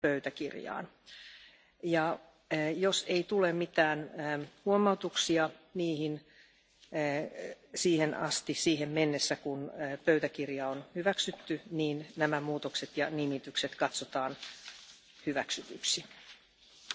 pöytäkirjaan. Ja eh, jos ei tule mitään eh, huomautuksia niihin eh, siihen asti siihen mennessä kun pöytäkirja on hyväksytty niin nämä muutokset ja nimitykset katsotaan hyväksytyiksi.